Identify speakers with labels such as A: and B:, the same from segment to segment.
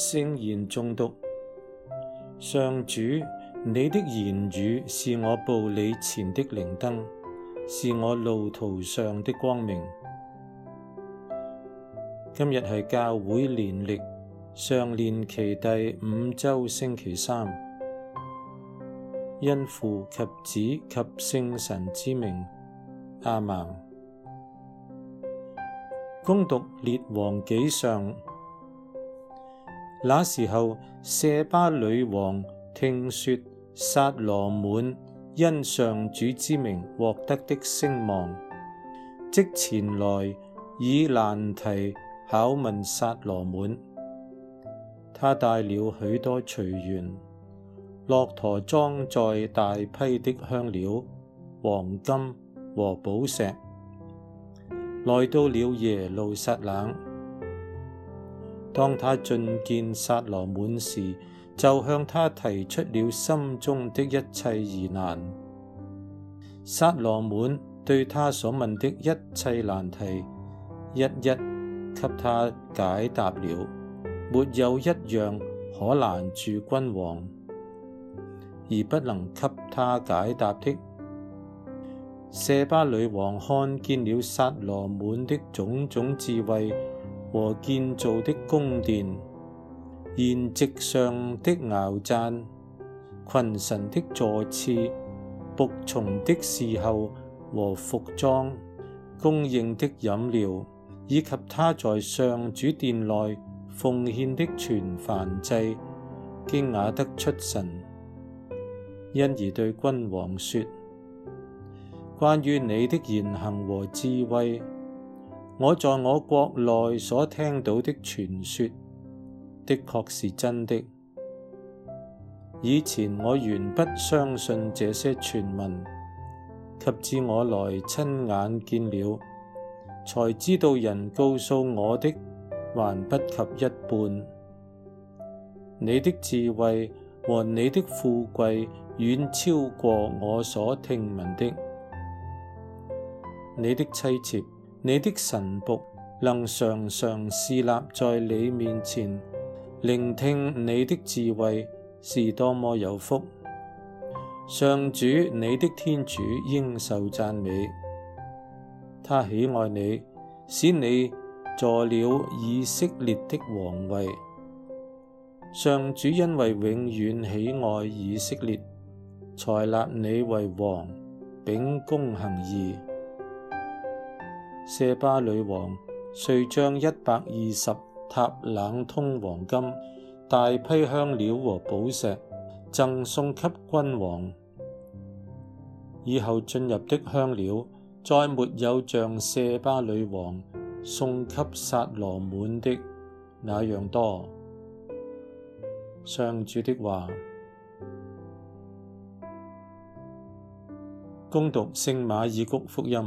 A: 聖言誦讀，上主，你的言語是我步履前的靈燈，是我路途上的光明。今日係教會年曆上常年期第五周星期三，因父及子及聖神之名，阿門。恭讀列王紀上。那時候，舍巴女王聽說撒羅滿因上主之名獲得的聲望，即前來以難題考問撒羅滿。她帶了許多隨員，駱駝裝載大批的香料、黃金和寶石，來到了耶路撒冷。當他進見撒羅滿時，就向他提出了心中的一切疑難。撒羅滿對他所問的一切難題，一一給他解答了，沒有一樣可難住君王，而不能給他解答的。舍巴女王看見了撒羅滿的種種智慧。和建造的宮殿，筵席上的肴饌，群臣的座次，僕從的侍候和服裝，供應的飲料，以及他在上主殿內奉獻的全燔祭，驚訝得出神，因而對君王說：關於你的言行和智慧。我在我國內所聽到的傳說，的確是真的。以前我原不相信這些傳聞，及至我來親眼見了，才知道人告訴我的，還不及一半。你的智慧和你的富貴，遠超過我所聽聞的。你的妻妾。你的臣僕能常常侍立在你面前，聆聽你的智慧，是多麼有福！上主你的天主應受讚美，他喜愛你，使你坐了以色列的王位。上主因為永遠喜愛以色列，才立你為王，秉公行義。舍巴女王遂將一百二十塔冷通黃金、大批香料和寶石贈送給君王。以後進入的香料，再沒有像舍巴女王送給撒羅滿的那樣多。上主的話。恭讀聖馬爾谷福音。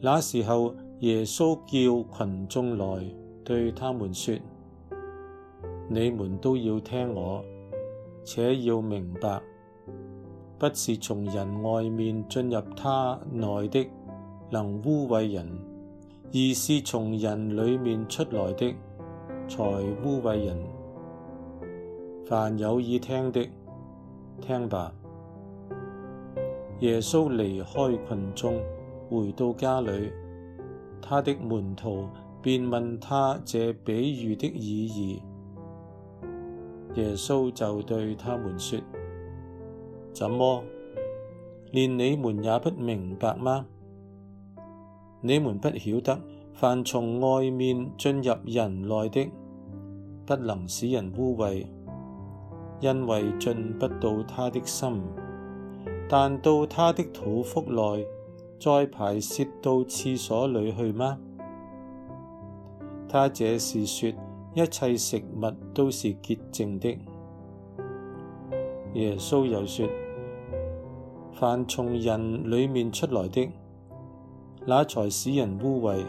A: 那時候，耶穌叫群眾來，對他們說：你們都要聽我，且要明白，不是從人外面進入他內的能污穢人，而是從人裏面出來的才污穢人。凡有耳聽的，聽吧。耶穌離開群眾。回到家裏，他的門徒便問他這比喻的意義。耶穌就對他們說：怎麼，連你們也不明白嗎？你們不曉得，凡從外面進入人內的，不能使人污穢，因為進不到他的心，但到他的肚腹內。再排泄到廁所裏去嗎？他這是說一切食物都是潔淨的。耶穌又說：凡從人裡面出來的，那才使人污穢，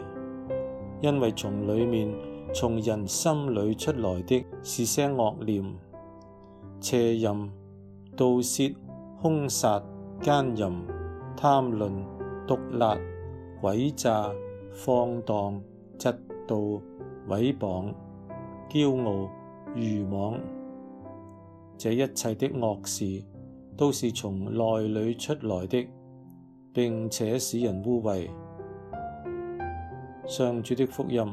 A: 因為從裡面、從人心裏出來的是些惡念、邪淫、盜竊、兇殺、奸淫、貪吝、毒辣、詭詐、放蕩、嫉妒、毀謗、驕傲、愚妄，這一切的惡事，都是從內裏出來的，並且使人污穢。上主的福音。